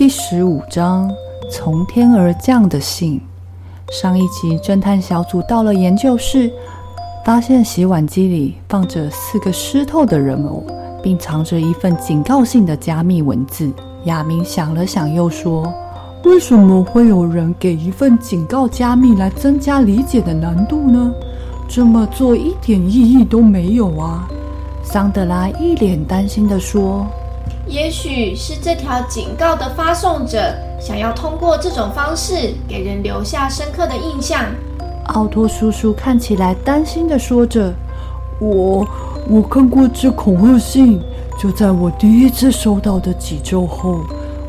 第十五章從天而降的信。上一集，偵探小組到了研究室，發現洗碗機裡放着四個濕透的人偶，並藏着一份警告性的加密文字。雅明想了想，又說：“為什麼會有人給一份警告加密來增加理解的難度呢？這麼做一點意義都沒有啊！”桑德拉一臉擔心地說。也許是這條警告的發送者想要通過這種方式給人留下深刻的印象。奧托叔叔看起來擔心地說着：“我我看過這恐嚇信，就在我第一次收到的幾周後，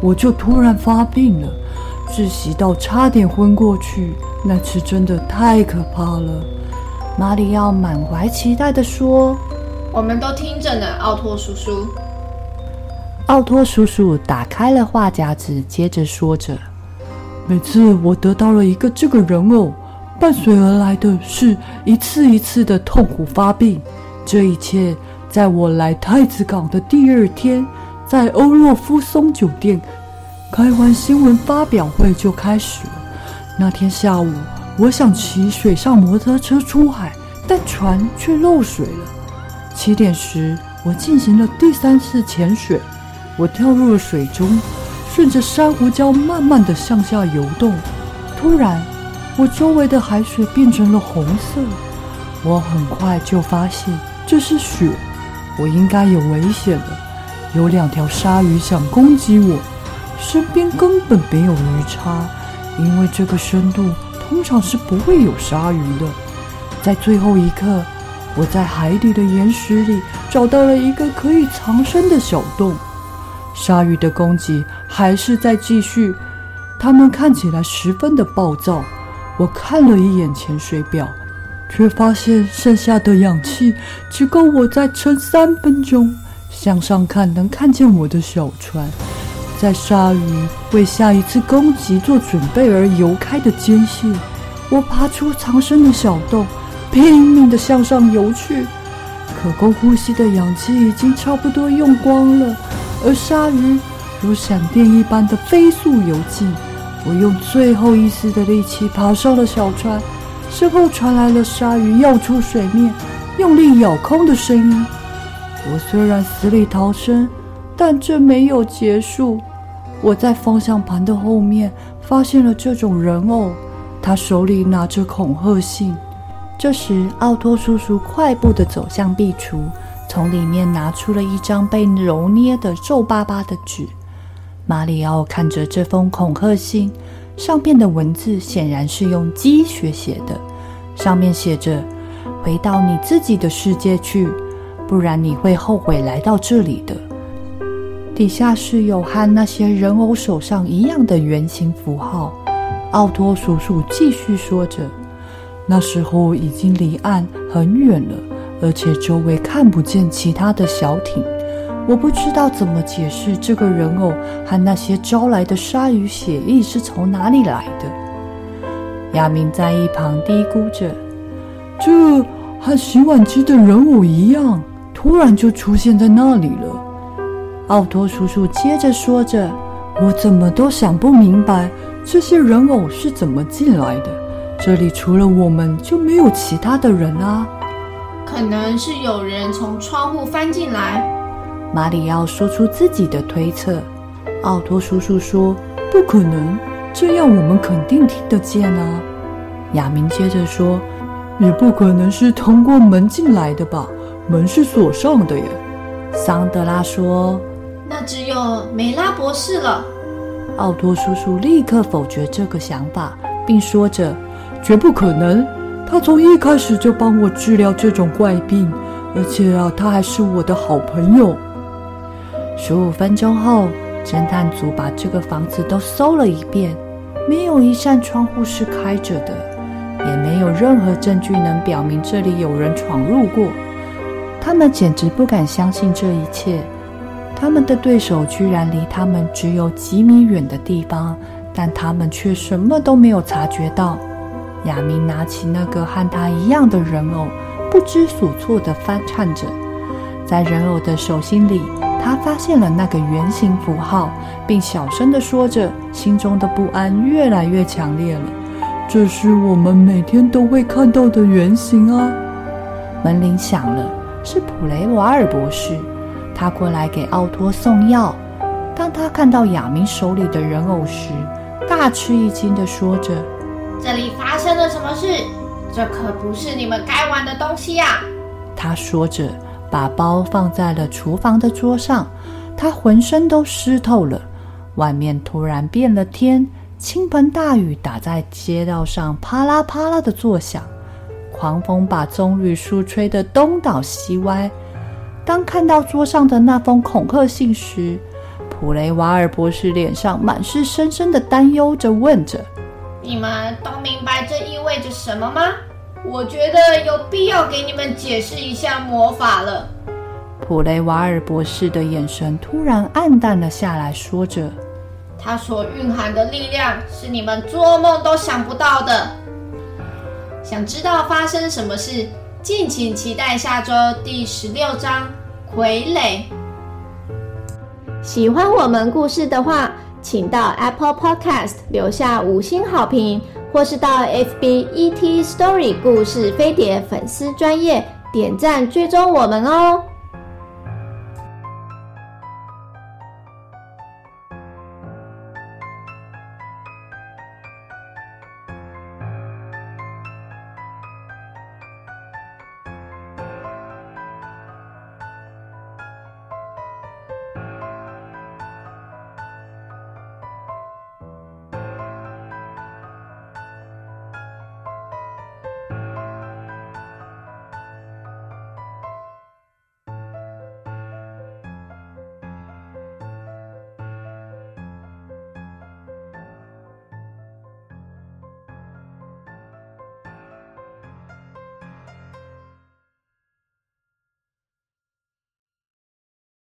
我就突然發病了，窒息到差點昏過去。那次真的太可怕了。”馬里奧滿懷期待地說：“我們都聽着呢，奧托叔叔。”奧托叔叔打開了話匣子，接着說着：“每次我得到了一個這個人偶，伴隨而來的是一次一次的痛苦發病。這一切，在我來太子港的第二天，在歐洛夫松酒店開完新聞發表會就開始了。那天下午，我想騎水上摩托車出海，但船卻漏水了。七點時，我進行了第三次潛水。”我跳入了水中，順着珊瑚礁慢慢地向下游動。突然，我周圍的海水變成了紅色。我很快就發現這是血，我應該有危險了。有兩條鯊魚想攻擊我，身邊根本沒有魚叉，因為這個深度通常是不會有鯊魚的。在最後一刻，我在海底的岩石裡找到了一個可以藏身的小洞。鯊魚的攻擊還是在繼續，它們看起來十分的暴躁。我看了一眼潛水表，卻發現剩下的氧氣只夠我再撐三分鐘。向上看，能看見我的小船。在鯊魚為下一次攻擊做準備而游開的間隙，我爬出藏身的小洞，拼命地向上游去。可供呼吸的氧氣已經差不多用光了。而鯊魚如閃電一般的飛速游進，我用最後一絲的力氣爬上了小船，身後傳來了鯊魚躍出水面、用力咬空的聲音。我雖然死裡逃生，但這沒有結束。我在方向盤的後面發現了這種人偶，他手裡拿着恐嚇信。這時，奧托叔叔快步的走向壁櫥。從裡面拿出了一張被揉捏的皺巴巴的紙。馬里奧看着這封恐嚇信，上面的文字顯然是用雞血寫的。上面寫着：“回到你自己的世界去，不然你會後悔來到這裡的。”底下是有和那些人偶手上一樣的圓形符號。奧托叔叔繼續說着：“那時候已經離岸很遠了。”而且周圍看不見其他的小艇，我不知道怎麼解釋這個人偶和那些招來的鯊魚血液是從哪裡來的。亞明在一旁嘀咕着：“這和洗碗機的人偶一樣，突然就出現在那裡了。”奧托叔叔接着說着：“我怎麼都想不明白，這些人偶是怎麼進來的？這裡除了我們就沒有其他的人啊。”可能是有人從窗戶翻進來。馬里奧說出自己的推測。奧托叔叔說：“不可能，這樣我們肯定聽得見啊。”雅明接着說：“也不可能是通過門進來的吧？門是鎖上的耶。”桑德拉說：“那只有梅拉博士了。”奧托叔叔立刻否決這個想法，並說着：“絕不可能。”他從一開始就幫我治療這種怪病，而且啊，他還是我的好朋友。十五分鐘後，偵探組把這個房子都搜了一遍，沒有一扇窗戶是開着的，也沒有任何證據能表明這裡有人闖入過。他們簡直不敢相信這一切，他們的對手居然離他們只有幾米遠的地方，但他們卻什麼都沒有察覺到。亞明拿起那個和他一樣的人偶，不知所措地翻看着，在人偶的手心裡，他發現了那個圓形符號，並小聲地說着：“心中的不安越來越強烈了。”這是我們每天都會看到的圓形啊！門鈴響了，是普雷瓦爾博士，他過來給奧托送藥。當他看到亞明手裡的人偶時，大吃一驚地說着。這裡發生了什麼事？這可不是你們該玩的東西呀、啊！他說着，把包放在了廚房的桌上。他渾身都濕透了。外面突然變了天，傾盆大雨打在街道上，啪啦啪啦的作響。狂風把棕櫚樹吹得東倒西歪。當看到桌上的那封恐嚇信時，普雷瓦爾博士臉上滿是深深的擔憂，着問着。你們都明白這意味着什麼嗎？我覺得有必要給你們解釋一下魔法了。普雷瓦爾博士的眼神突然黯淡了下來，說着：“它所蘊含的力量是你們做夢都想不到的。”想知道發生什麼事？敬請期待下周第十六章《傀儡》。喜歡我們故事的話，請到 Apple Podcast 留下五星好評，或是到 FB ET Story 故事飛碟粉絲專頁點讚追蹤我們哦。